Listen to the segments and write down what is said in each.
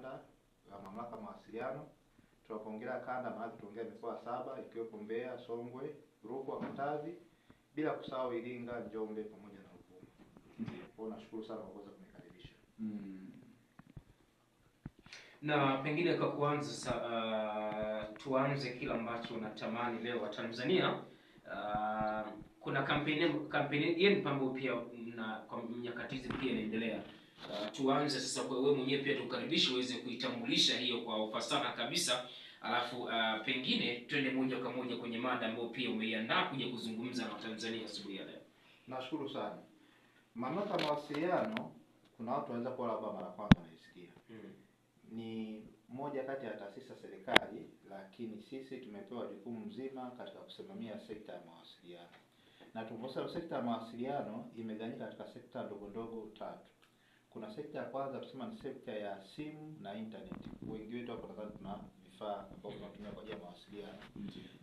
kanda la mamlaka mawasiliano. Tunapoongelea kanda, maana tunaongelea mikoa saba ikiwepo Mbeya, Songwe, Rukwa, Katavi, bila kusahau Iringa, Njombe pamoja na Ruvuma. Kwa nashukuru sana kwa kuweza kunikaribisha. Mm. Na pengine kwa kuanza uh, tuanze kila ambacho unatamani leo Watanzania uh, kuna kampeni kampeni yenu pambo pia na kwa mnyakatizi pia inaendelea uh, tuanze sasa kwa wewe mwenyewe pia tukaribishe uweze kuitambulisha hiyo kwa ufasaha kabisa, alafu uh, pengine twende moja kwa moja kwenye mada ambayo pia umeiandaa kuja kuzungumza na Watanzania asubuhi ya leo. Nashukuru sana. Mamlaka ya mawasiliano, kuna watu wanaweza kuwa labda mara kwanza wanaisikia hmm. Ni moja kati ya taasisi za serikali, lakini sisi tumepewa jukumu zima katika kusimamia sekta ya mawasiliano, na tunaposema sekta ya mawasiliano imegawanyika katika sekta ndogo ndogo tatu. Kuna sekta ya kwanza tusema ni sekta ya simu na internet. Wengi wetu hapo nadhani tuna vifaa ambavyo tunatumia kwa ajili ya mawasiliano,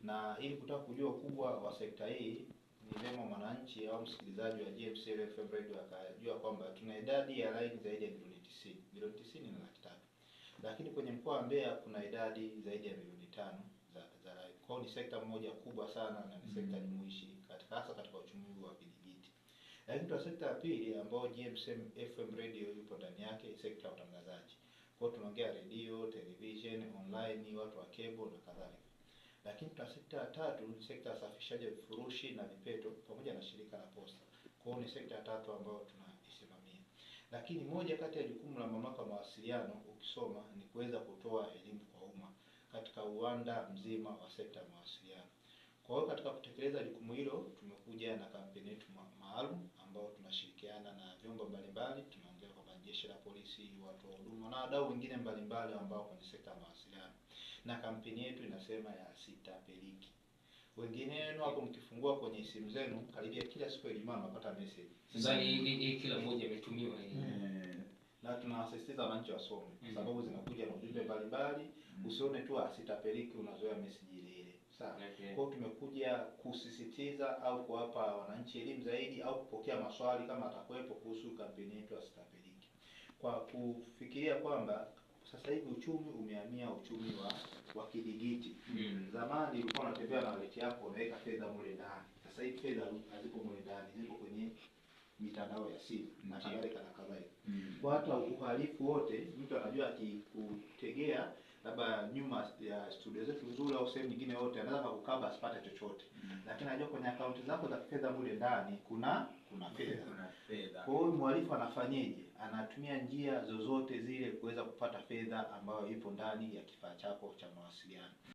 na ili kutaka kujua ukubwa wa sekta hii ni vema mwananchi au msikilizaji wa GMC FM Radio akajua kwamba tuna idadi ya line zaidi ya milioni 90 Milioni 90 ni laki tatu, lakini kwenye mkoa wa Mbeya kuna idadi zaidi ya milioni tano za, za line. Kwa hiyo ni sekta moja kubwa sana na ni sekta mm. jumuishi katika hasa katika uchumi wa vijijini. Lakini tuna sekta ya pili ambayo GMSM FM radio yupo ndani yake, sekta ya utangazaji. Kwa hiyo tunaongea radio, television, online, watu wa cable na kadhalika. Lakini tuna sekta ya tatu ni sekta ya usafishaji wa vifurushi na vipeto pamoja na shirika la posta. Kwa hiyo ni sekta ya tatu ambayo tunaisimamia. Lakini moja kati ya jukumu la mamlaka ya mawasiliano ukisoma ni kuweza kutoa elimu kwa umma katika uwanda mzima wa sekta ya mawasiliano. Kwa hiyo katika kutekeleza jukumu hilo tumekuja na kampeni yetu maalum mbalimbali. Tumeongea kwamba jeshi la polisi, watu wa huduma na wadau wengine mbalimbali ambao kwenye sekta ya mawasiliano, na kampeni yetu inasema ya sitapeliki. Wengine wenu hapo mkifungua kwenye simu zenu, karibia kila siku ya Ijumaa napata message sasa, kila mmoja ametumiwa hii hmm. na tunawasisitiza wananchi wasome kwa hmm. sababu zinakuja na ujumbe mbalimbali hmm. usione tu asitapeliki, ah, unazoea message ile ile sawa. okay. Kwa hiyo tumekuja kusisitiza au kuwapa wananchi elimu zaidi au kupokea maswali kama atakuwepo kuhusu kampeni yetu ya Sitapeliki, kwa kufikiria kwamba sasa hivi uchumi umehamia uchumi wa wa kidigiti. Mm. Zamani ulikuwa unatembea na wallet yako unaweka fedha mule ndani. Sasa hivi fedha hazipo mule ndani, ziko kwenye mitandao ya simu na kadhalika na kadhalika. Mm. Kwa hata uhalifu wote mtu anajua akikutegea labda nyuma ya studio zetu nzuri au sehemu nyingine yote, anaweza kakukaba asipate chochote mm Lakini anajua kwenye akaunti zako za fedha mule ndani kuna kuna fedha kuna fedha. Kwa hiyo mhalifu anafanyeje? Anatumia njia zozote zile kuweza kupata fedha ambayo ipo ndani ya kifaa chako cha mawasiliano.